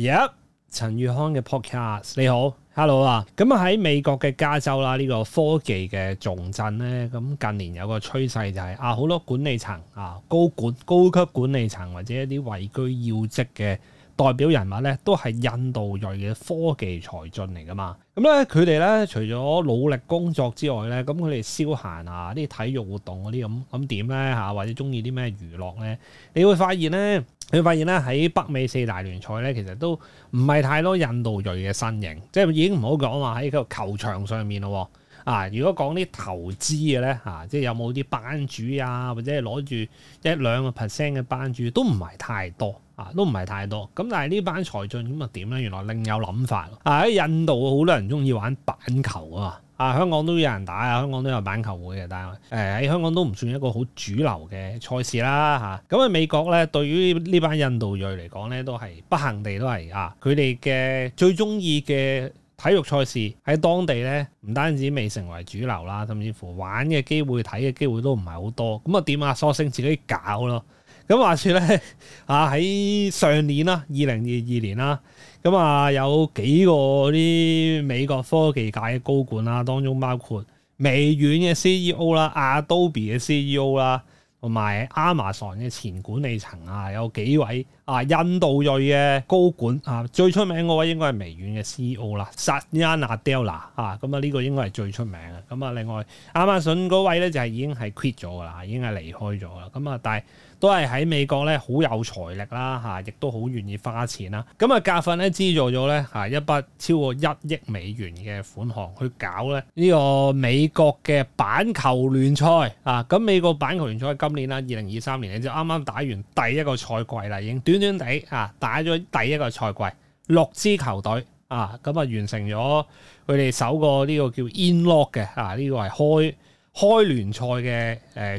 而家、yeah, 陳宇康嘅 podcast，你好，hello 啊！咁喺美國嘅加州啦，呢、呢個科技嘅重鎮呢，咁近年有個趨勢就係、係、啊，好多管理層啊，高管、高級管理層或者一啲位居要職嘅代表人物呢，都係印度裔嘅科技才俊嚟噶嘛。咁呢，佢哋呢，除咗努力工作之外呢，咁佢哋消閒啊，啲體育活動嗰啲咁咁點呢？吓、啊，或者中意啲咩娛樂呢？你會發現呢。你會發現咧，喺北美四大聯賽咧，其實都唔係太多印度裔嘅身形，即係已經唔好講話喺個球場上面咯。啊，如果講啲投資嘅咧嚇，即係有冇啲班主啊，或者係攞住一兩個 percent 嘅班主都唔係太多啊，都唔係太多。咁、啊、但係呢班才俊咁啊點咧？原來另有諗法。啊，喺印度好多人中意玩板球啊。啊！香港都有人打啊，香港都有板球會嘅，但係誒喺香港都唔算一個好主流嘅賽事啦嚇。咁、啊、喺美國咧，對於呢班印度裔嚟講咧，都係不幸地都係啊，佢哋嘅最中意嘅體育賽事喺當地咧，唔單止未成為主流啦，甚至乎玩嘅機會、睇嘅機會都唔係好多。咁啊點啊？索性自己搞咯。咁話說咧，啊喺上年啦，二零二二年啦，咁啊有幾個啲美國科技界嘅高管啦，當中包括微軟嘅 CEO 啦、亞都比嘅 CEO 啦。同埋亞馬遜嘅前管理層啊，有幾位啊印度裔嘅高管啊，最出名嗰位應該係微軟嘅 CEO 啦 Satya Nadella 啊，咁啊呢個應該係最出名嘅。咁啊另外亞馬遜嗰位咧就係、是、已經係 quit 咗㗎啦，已經係離開咗啦。咁啊但係都係喺美國咧好有財力啦嚇，亦、啊啊、都好願意花錢啦。咁啊格訓咧資助咗咧嚇一筆超過一億美元嘅款項去搞咧呢個美國嘅板球聯賽啊。咁、啊、美國板球聯賽、啊啊啊今年啦，二零二三年，你知啱啱打完第一個賽季啦，已經短短地啊，打咗第一個賽季，六支球隊啊，咁啊完成咗佢哋首個呢個叫 Inlock 嘅啊，呢個係開開聯賽嘅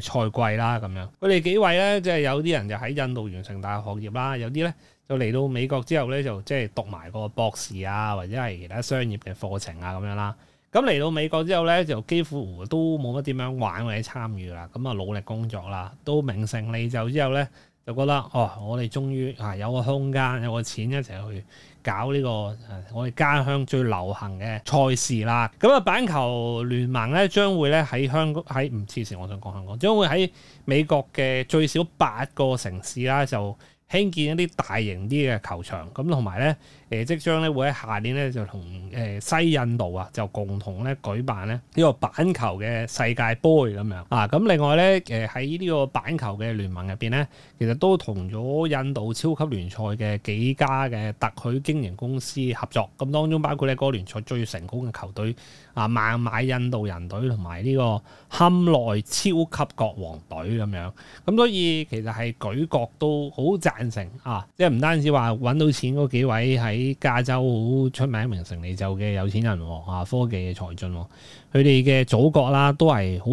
誒賽季啦，咁樣。佢哋幾位咧，即係有啲人就喺印度完成大學學業啦，有啲咧就嚟到美國之後咧，就即係讀埋個博士啊，或者係其他商業嘅課程啊，咁樣啦。咁嚟到美國之後咧，就幾乎都冇乜點樣玩或者參與啦。咁啊，努力工作啦，都名成利就之後咧，就覺得哦，我哋終於啊有個空間，有個錢一齊去搞呢、這個我哋家鄉最流行嘅賽事啦。咁、嗯、啊，板球聯盟咧將會咧喺香港喺唔黐線，我想講香港，將會喺美國嘅最少八個城市啦就。興建一啲大型啲嘅球場，咁同埋咧，誒即將咧會喺下年咧就同誒西印度啊，就共同咧舉辦咧呢個板球嘅世界盃咁樣啊。咁另外咧，誒喺呢個板球嘅聯盟入邊咧，其實都同咗印度超級聯賽嘅幾家嘅特許經營公司合作，咁當中包括咧嗰個聯賽最成功嘅球隊啊孟買印度人隊同埋呢個堪奈超級國王隊咁樣。咁所以其實係舉國都好賺啊，即係唔單止話揾到錢嗰幾位喺加州好出名名成利就嘅有錢人，啊科技嘅才俊，佢哋嘅祖國啦、啊、都係好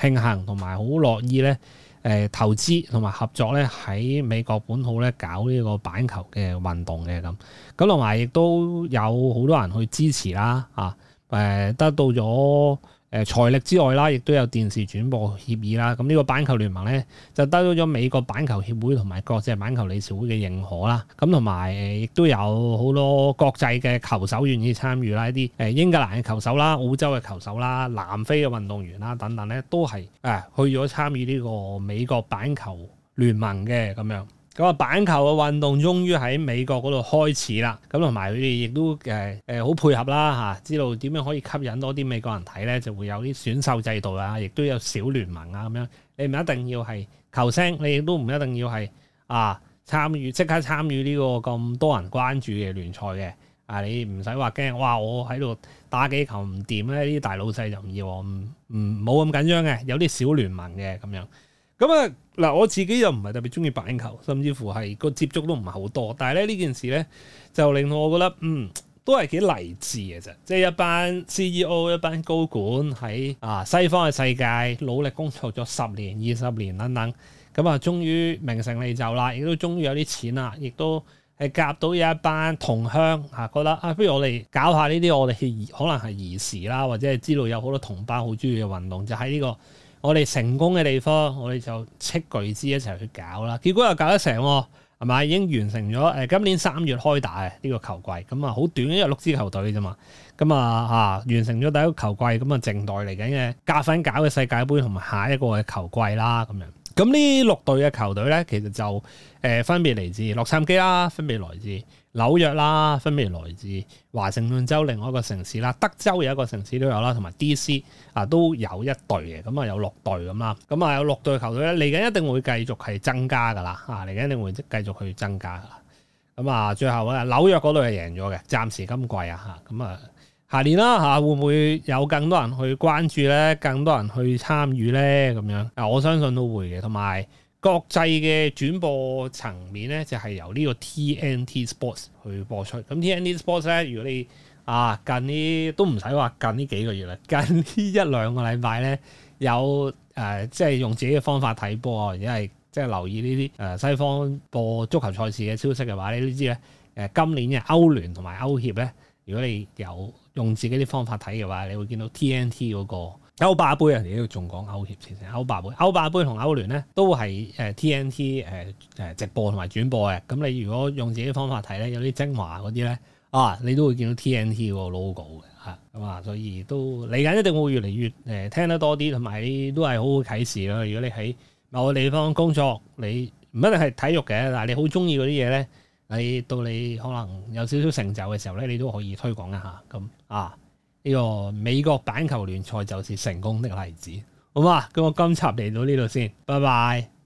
慶幸同埋好樂意咧，誒、呃、投資同埋合作咧喺美國本土咧搞呢個板球嘅運動嘅咁，咁同埋亦都有好多人去支持啦、啊，啊誒得到咗。誒財力之外啦，亦都有電視轉播協議啦。咁、這、呢個板球聯盟呢，就得到咗美國板球協會同埋國際板球理事會嘅認可啦。咁同埋亦都有好多國際嘅球手願意參與啦。呢啲誒英格蘭嘅球手啦、澳洲嘅球手啦、南非嘅運動員啦等等呢，都係誒去咗參與呢個美國板球聯盟嘅咁樣。咁板球嘅運動終於喺美國嗰度開始啦，咁同埋佢哋亦都誒誒好配合啦嚇，知道點樣可以吸引多啲美國人睇咧，就會有啲選秀制度啊，亦都有小聯盟啊咁樣。你唔一定要係球星，你亦都唔一定要係啊參與即刻參與呢個咁多人關注嘅聯賽嘅啊！你唔使話驚，哇！我喺度打幾球唔掂咧，啲大老細就唔要我，唔唔冇咁緊張嘅，有啲小聯盟嘅咁樣。咁啊嗱，我自己又唔係特別中意板球，甚至乎係個接觸都唔係好多。但係咧呢件事咧，就令到我覺得，嗯，都係幾勵志嘅啫。即係一班 CEO、一班高管喺啊西方嘅世界努力工作咗十年、二十年等等，咁啊，終於名成利就啦，亦都終於有啲錢啦，亦都係夾到有一班同鄉嚇，覺得啊，不如我哋搞下呢啲，我哋可能係兒時啦，或者係知道有好多同胞好中意嘅運動，就喺呢個。我哋成功嘅地方，我哋就斥巨資一齊去搞啦。結果又搞得成喎，係咪已經完成咗？誒、呃，今年三月開打嘅呢、這個球季，咁啊好短，一日六支球隊啫嘛。咁、嗯、啊嚇、啊、完成咗第一個球季，咁啊靜待嚟緊嘅夾份搞嘅世界盃同埋下一個嘅球季啦，咁、嗯、樣。嗯咁呢六隊嘅球隊咧，其實就誒、呃、分別嚟自洛杉磯啦，分別來自紐約啦，分別來自華盛頓州另外一個城市啦，德州有一個城市都有啦，同埋 D.C 啊都有一隊嘅，咁、嗯、啊有六隊咁啦，咁、嗯、啊有六隊球隊咧嚟緊一定會繼續係增加噶啦，吓嚟緊一定會繼續去增加噶啦，咁啊最後啊紐約嗰隊係贏咗嘅，暫時今季啊吓，咁啊。嗯下年啦嚇，會唔會有更多人去關注咧？更多人去參與咧？咁樣啊，我相信都會嘅。同埋國際嘅轉播層面咧，就係、是、由呢個 TNT Sports 去播出。咁 TNT Sports 咧，如果你啊近呢都唔使話近呢幾個月啦，近一兩呢一兩個禮拜咧有誒、呃，即係用自己嘅方法睇波，或者係即係留意呢啲誒西方播足球賽事嘅消息嘅話，你都知咧誒、呃，今年嘅歐聯同埋歐協咧。如果你有用自己啲方法睇嘅話，你會見到 TNT 嗰個歐霸杯啊，人哋仲講歐協，其實歐霸杯、歐霸杯同歐聯咧都係誒 TNT 誒誒直播同埋轉播嘅。咁你如果用自己方法睇咧，有啲精華嗰啲咧啊，你都會見到 TNT 嗰個 logo 嘅吓。咁啊，所以都嚟緊一定會越嚟越誒聽得多啲，同埋都係好好啟示啦。如果你喺某個地方工作，你唔一定係體育嘅，但係，你好中意嗰啲嘢咧，喺到你可能有少少成就嘅時候咧，你都可以推廣一下咁、嗯、啊！呢、呢個美國板球聯賽就是成功的例子，好嘛？咁我今集嚟到呢度先，拜拜。